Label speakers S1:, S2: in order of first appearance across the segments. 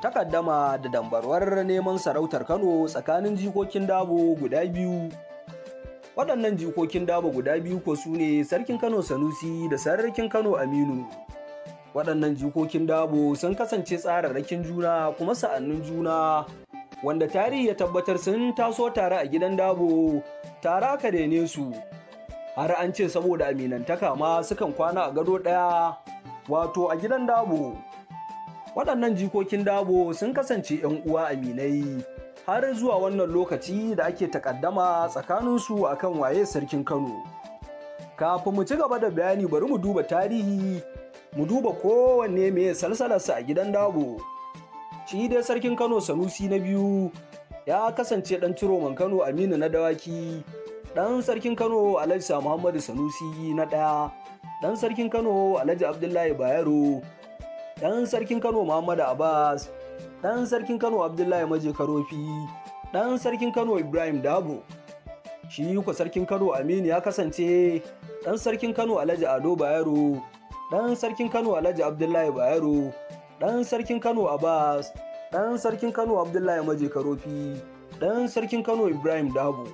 S1: takaddama da dambarwar neman sarautar Kano tsakanin jikokin dabo guda biyu. Waɗannan jikokin dabo guda biyu ko su ne Sarkin Kano Sanusi da Sarkin Kano Aminu. Waɗannan jikokin dabo sun kasance tsararrakin juna kuma sa'annin juna wanda tarihi ya tabbatar sun taso tare a gidan dabo tare aka rene su. Har an ce saboda aminantaka ma sukan kwana a gado ɗaya wato a gidan dabo. Waɗannan jikokin dabo sun kasance 'yan uwa aminai har zuwa wannan lokaci da ake takaddama tsakaninsu akan waye sarkin Kano. Kafin mu ci gaba da bayani bari mu duba tarihi, mu duba kowanne mai salsalarsa a gidan dabo. Shi dai sarkin Kano Sanusi na biyu ya kasance ɗan Ciroman Kano Aminu na dawaki, ɗan sarkin Kano Alhaji Muhammadu Sanusi na ɗaya, ɗan sarkin Kano Alhaji Abdullahi Bayero, ɗan sarkin Kano Muhammadu Abbas, ɗan sarkin Kano Abdullahi Maje Karofi, ɗan sarkin Kano Ibrahim Dabo. Shi kuwa sarkin Kano Aminu ya kasance ɗan sarkin Kano Alhaji Ado Bayero, ɗan sarkin Kano Alhaji Abdullahi Bayero, ɗan sarkin Kano Abbas, ɗan sarkin Kano Abdullahi Maje Karofi, ɗan sarkin Kano Ibrahim Dabo.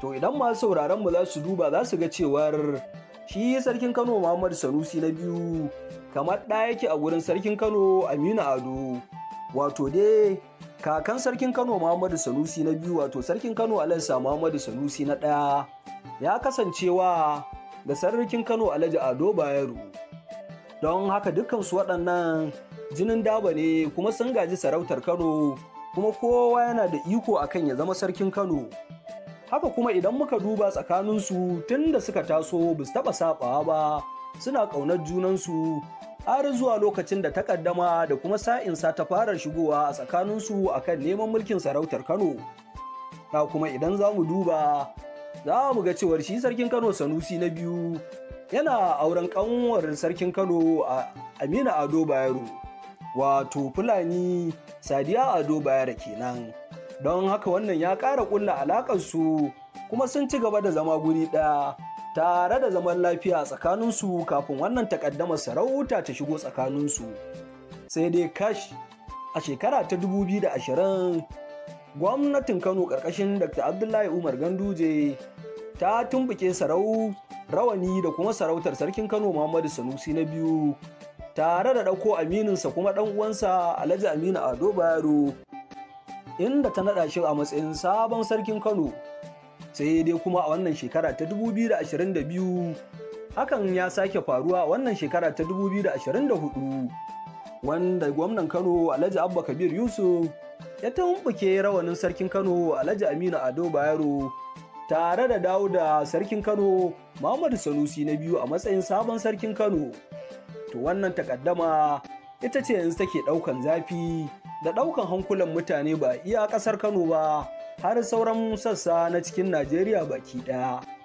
S1: to idan masu sauraron mu za su duba za su ga cewar shi sarkin kano muhammad sanusi na biyu kamar ɗaya yake a gurin sarkin kano aminu ado wato dai kakan sarkin kano muhammadu sanusi na biyu wato sarkin kano alansa muhammadu sanusi na ɗaya ya kasancewa da sarkin kano alhaji ado bayero don haka dukansu waɗannan jinin daba ne kuma sun gaji sarautar kano kuma kowa yana da iko akan ya zama sarkin kano haka kuma idan muka duba tsakaninsu tun da suka taso ba su taɓa saɓawa ba suna ƙaunar junansu har zuwa lokacin da takaddama da kuma sa'insa ta fara shigowa a tsakaninsu akan neman mulkin sarautar kano ta kuma idan za mu duba za mu ga cewar shi sarkin kano sanusi na biyu yana auren ƙanwar sarkin kano a amina ado bayero wato fulani sadiya ado bayero kenan. don haka wannan ya ƙara ƙulla alaƙarsu kuma sun ci gaba da zama guri ɗaya tare da zaman lafiya tsakaninsu kafin wannan takaddamar sarauta ta shigo tsakaninsu sai dai kash a shekara ta 2020 gwamnatin kano ƙarƙashin dr abdullahi umar ganduje ta tumbuke sarau rawani da kuma sarautar sarkin kano muhammadu sanusi na biyu tare da ɗauko amininsa kuma ɗan uwansa alhaji aminu ado bayero inda ta naɗa shi a matsayin sabon sarkin Kano. Sai dai kuma a wannan shekara ta 2022 hakan ya sake faruwa a wannan shekara ta 2024 wanda gwamnan Kano Alhaji Abba Kabir Yusuf ya tumbuke rawanin sarkin Kano Alhaji Aminu Ado Bayero tare da dawo da sarkin Kano Muhammadu Sanusi na biyu a matsayin sabon sarkin Kano. To wannan takaddama ita ce yanzu take ɗaukan zafi da ɗaukan hankulan mutane ba iya ƙasar Kano ba har sauran sassa na cikin Najeriya baki ɗaya.